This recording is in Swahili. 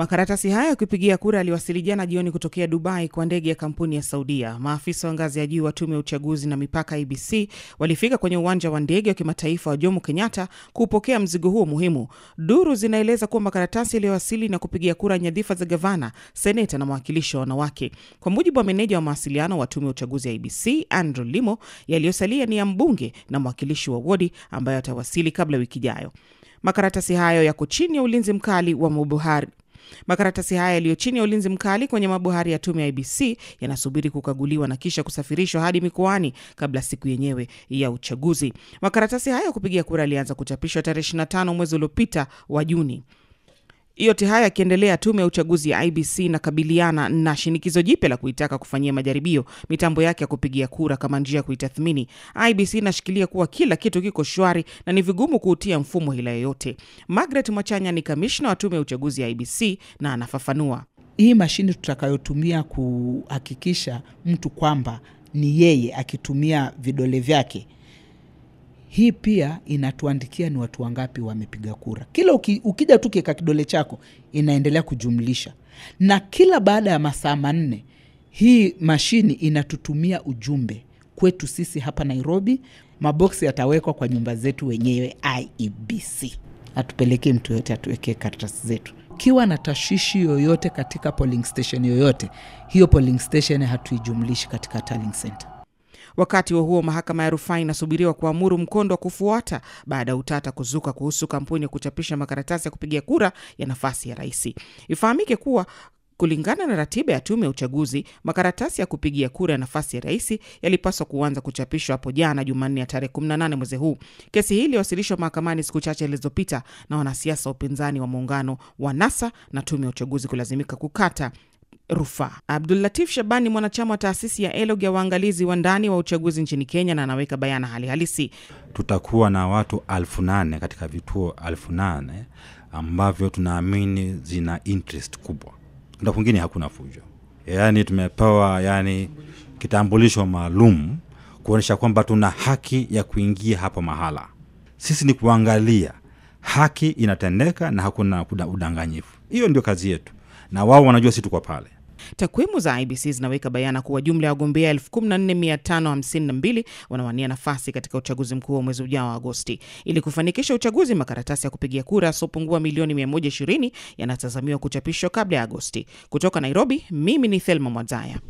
Makaratasi hayo ya kupigia kura yaliwasili jana jioni kutokea Dubai kwa ndege ya kampuni ya Saudia. Maafisa wa ngazi ya juu wa tume ya uchaguzi na mipaka ABC walifika kwenye uwanja wa ndege wa kimataifa wa Jomo Kenyatta kupokea mzigo huo muhimu. Duru zinaeleza kuwa makaratasi yaliyowasili na kupigia kura nyadhifa za gavana, seneta na mwakilishi wa wanawake. Kwa mujibu wa meneja wa mawasiliano wa tume ya uchaguzi ya ABC Andrew Limo, yaliyosalia ni ya mbunge na mwakilishi wa wodi ambayo atawasili kabla wiki ijayo. Makaratasi hayo yako chini ya ulinzi mkali wa Mubuhari. Makaratasi haya yaliyo chini ya ulinzi mkali kwenye mabohari ya tume ya IBC yanasubiri kukaguliwa na kisha kusafirishwa hadi mikoani kabla siku yenyewe ya uchaguzi. Makaratasi haya ya kupigia kura yalianza kuchapishwa tarehe 25 mwezi uliopita wa Juni. Yote haya yakiendelea, tume ya uchaguzi ya IBC inakabiliana na shinikizo jipya la kuitaka kufanyia majaribio mitambo yake ya kupigia kura kama njia ya kuitathmini. IBC inashikilia kuwa kila kitu kiko shwari na ni vigumu kuutia mfumo hila yoyote. Margaret Mwachanya ni kamishna wa tume ya uchaguzi ya IBC na anafafanua. Hii mashine tutakayotumia kuhakikisha mtu kwamba ni yeye akitumia vidole vyake hii pia inatuandikia ni watu wangapi wamepiga kura. Kila uki, ukija tu kieka kidole chako inaendelea kujumlisha, na kila baada ya masaa manne hii mashini inatutumia ujumbe kwetu sisi hapa Nairobi. Maboksi yatawekwa kwa nyumba zetu wenyewe. IEBC atupelekee mtu yoyote, atuwekee karatasi zetu. Kiwa na tashishi yoyote katika polling station yoyote, hiyo polling station hatuijumlishi katika tallying center. Wakati wa huo mahakama ya rufaa inasubiriwa kuamuru mkondo wa kufuata baada ya utata kuzuka kuhusu kampuni ya kuchapisha makaratasi ya kupigia kura ya nafasi ya rais. Ifahamike kuwa kulingana na ratiba ya tume ya uchaguzi, makaratasi ya kupigia kura ya nafasi ya rais yalipaswa kuanza kuchapishwa hapo jana Jumanne ya tarehe 18 mwezi huu. Kesi hii iliwasilishwa mahakamani siku chache zilizopita na wanasiasa wa upinzani wa muungano wa NASA na tume ya uchaguzi kulazimika kukata rufaa. Abdulatif Shaban ni mwanachama wa taasisi ya ELOG ya waangalizi wa ndani wa uchaguzi nchini Kenya, na anaweka bayana hali halisi. Tutakuwa na watu alfu nane katika vituo alfu nane ambavyo tunaamini zina interest kubwa, na kwingine hakuna fujo. Yaani tumepewa yani kitambulisho maalum kuonyesha kwamba tuna haki ya kuingia hapo mahala. Sisi ni kuangalia haki inatendeka na hakuna udanganyifu. Hiyo ndio kazi yetu, na wao wanajua si tuko pale. Takwimu za IBC zinaweka bayana kuwa jumla ya wagombea 14552 wanawania nafasi katika uchaguzi mkuu wa mwezi ujao wa Agosti. Ili kufanikisha uchaguzi, makaratasi ya kupigia kura yasiopungua milioni 120 yanatazamiwa kuchapishwa kabla ya Agosti. Kutoka Nairobi, mimi ni Thelma Mwazaya.